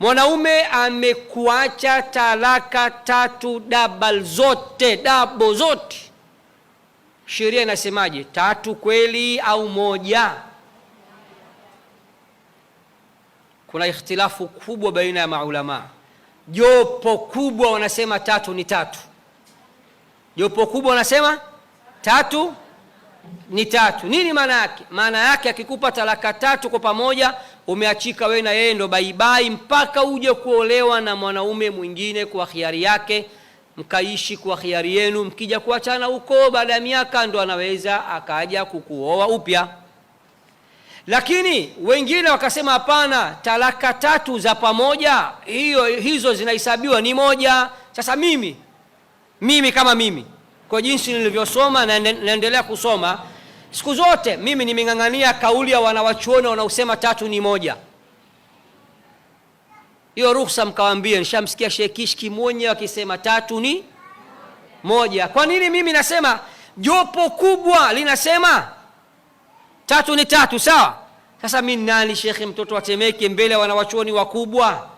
mwanaume amekuacha talaka tatu dabal zote dabo zote, sheria inasemaje? Tatu kweli au moja? Kuna ikhtilafu kubwa baina ya maulamaa. Jopo kubwa wanasema tatu ni tatu, jopo kubwa wanasema tatu ni tatu. Nini maana yake? Maana yake akikupa talaka tatu kwa pamoja umeachika wewe na yeye ndo baibai mpaka uje kuolewa na mwanaume mwingine kwa khiari yake, mkaishi kwa khiari yenu. Mkija kuachana huko baada ya miaka, ndo anaweza akaja kukuoa upya. Lakini wengine wakasema hapana, talaka tatu za pamoja, hiyo hizo zinahesabiwa ni moja. Sasa mimi mimi kama mimi, kwa jinsi nilivyosoma na naendelea kusoma Siku zote mimi nimeng'ang'ania kauli ya wanawachuoni wanaosema tatu ni moja. Hiyo ruhusa mkawambia nishamsikia shekishki mwenye wakisema tatu ni moja. Kwa nini mimi nasema jopo kubwa linasema tatu ni tatu, sawa? Sasa mi nani shekhe, mtoto watemeke mbele ya wanawachuoni wakubwa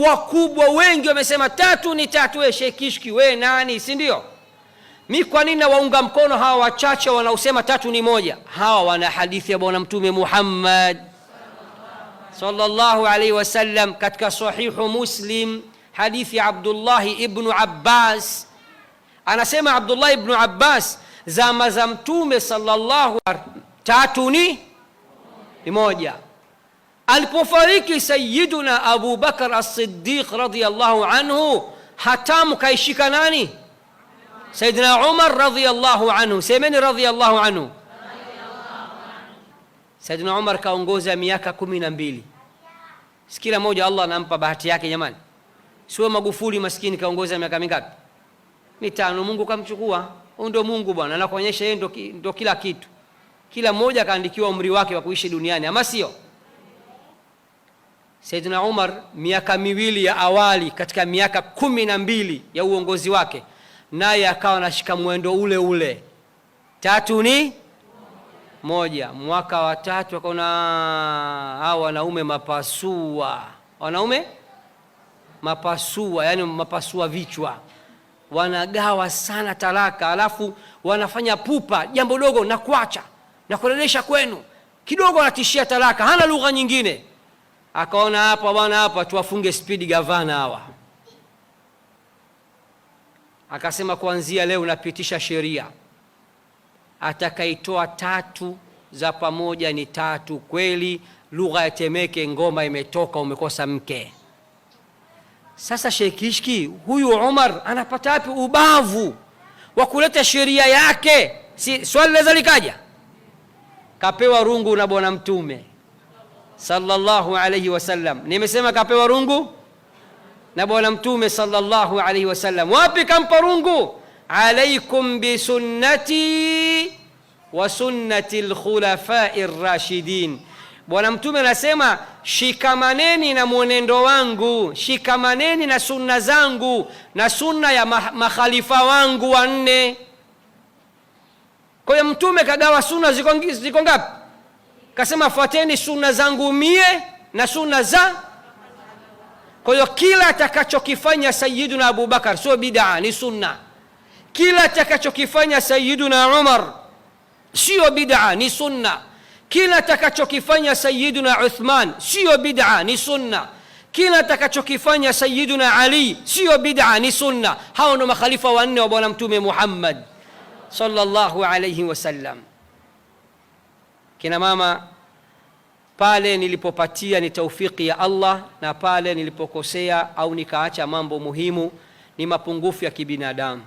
wakubwa, wengi wamesema tatu ni tatu. We shekishki we nani, si Mi kwa nini nawaunga mkono hawa wachache wanaosema tatu ni moja? Hawa wana hadithi ya Bwana Mtume Muhammad sallallahu alaihi wasallam katika Sahihu Muslim, hadithi ya Abdullahi ibnu Abbas. Anasema Abdullahi ibnu Abbas, zama za Mtume sallallahu tatu ni moja. Alipofariki Sayyiduna Abu Bakar As-Siddiq radhiyallahu anhu, hatamu kaishika nani? Saidina Umar radhiyallahu anhu, semeni radhiyallahu anhu. Saidina Umar kaongoza miaka kumi na mbili. Si kila mmoja Allah anampa bahati yake jamani. Sio Magufuli maskini kaongoza miaka mingapi? Mitano. Mungu kamchukua. Huyu ndio Mungu bwana, anakuonyesha yeye ndio kila kitu. Kila mmoja kaandikiwa umri wake wa kuishi duniani, ama sio? Saidina Umar miaka miwili ya awali katika miaka kumi na mbili ya uongozi wake naye akawa anashika mwendo ule ule, tatu ni moja. Mwaka wa tatu akaona hao wanaume mapasua, wanaume mapasua, yani mapasua vichwa, wanagawa sana talaka, alafu wanafanya pupa, jambo dogo na kuacha na kurejesha kwenu kidogo, anatishia talaka, hana lugha nyingine. Akaona hapa bwana, hapa tuwafunge spidi gavana hawa Akasema kuanzia leo unapitisha sheria, atakaitoa tatu za pamoja ni tatu kweli. Lugha ya Temeke, ngoma imetoka, umekosa mke. Sasa Shekishki huyu Umar anapata wapi ubavu wa kuleta sheria yake? Si swali laweza likaja, kapewa rungu na Bwana Mtume sallallahu alayhi wasallam. Nimesema kapewa rungu na Bwana Mtume sallallahu alaihi wasallam. Wapi kampa rungu? alaikum bisunnati wa sunnati lkhulafai rashidin. Bwana Mtume anasema shikamaneni na mwenendo wangu, shikamaneni na sunna zangu na sunna ya makhalifa wangu wanne. Kwa hiyo Mtume kagawa sunna ziko ngapi? Kasema fuateni sunna zangu mie na sunna za kwa hiyo kila atakachokifanya Sayyiduna Abubakar sio bid'a, ni sunna. Kila atakachokifanya Sayyiduna Umar sio bid'a, ni sunna. Kila atakachokifanya Sayyiduna Uthman sio bid'a, ni sunna. Kila atakachokifanya Sayyiduna Ali sio bid'a, ni sunna. Hao ndio makhalifa wanne wa Bwana Mtume Muhammad sallallahu alayhi wasallam. Kina mama pale nilipopatia ni taufiki ya Allah, na pale nilipokosea au nikaacha mambo muhimu ni mapungufu ya kibinadamu.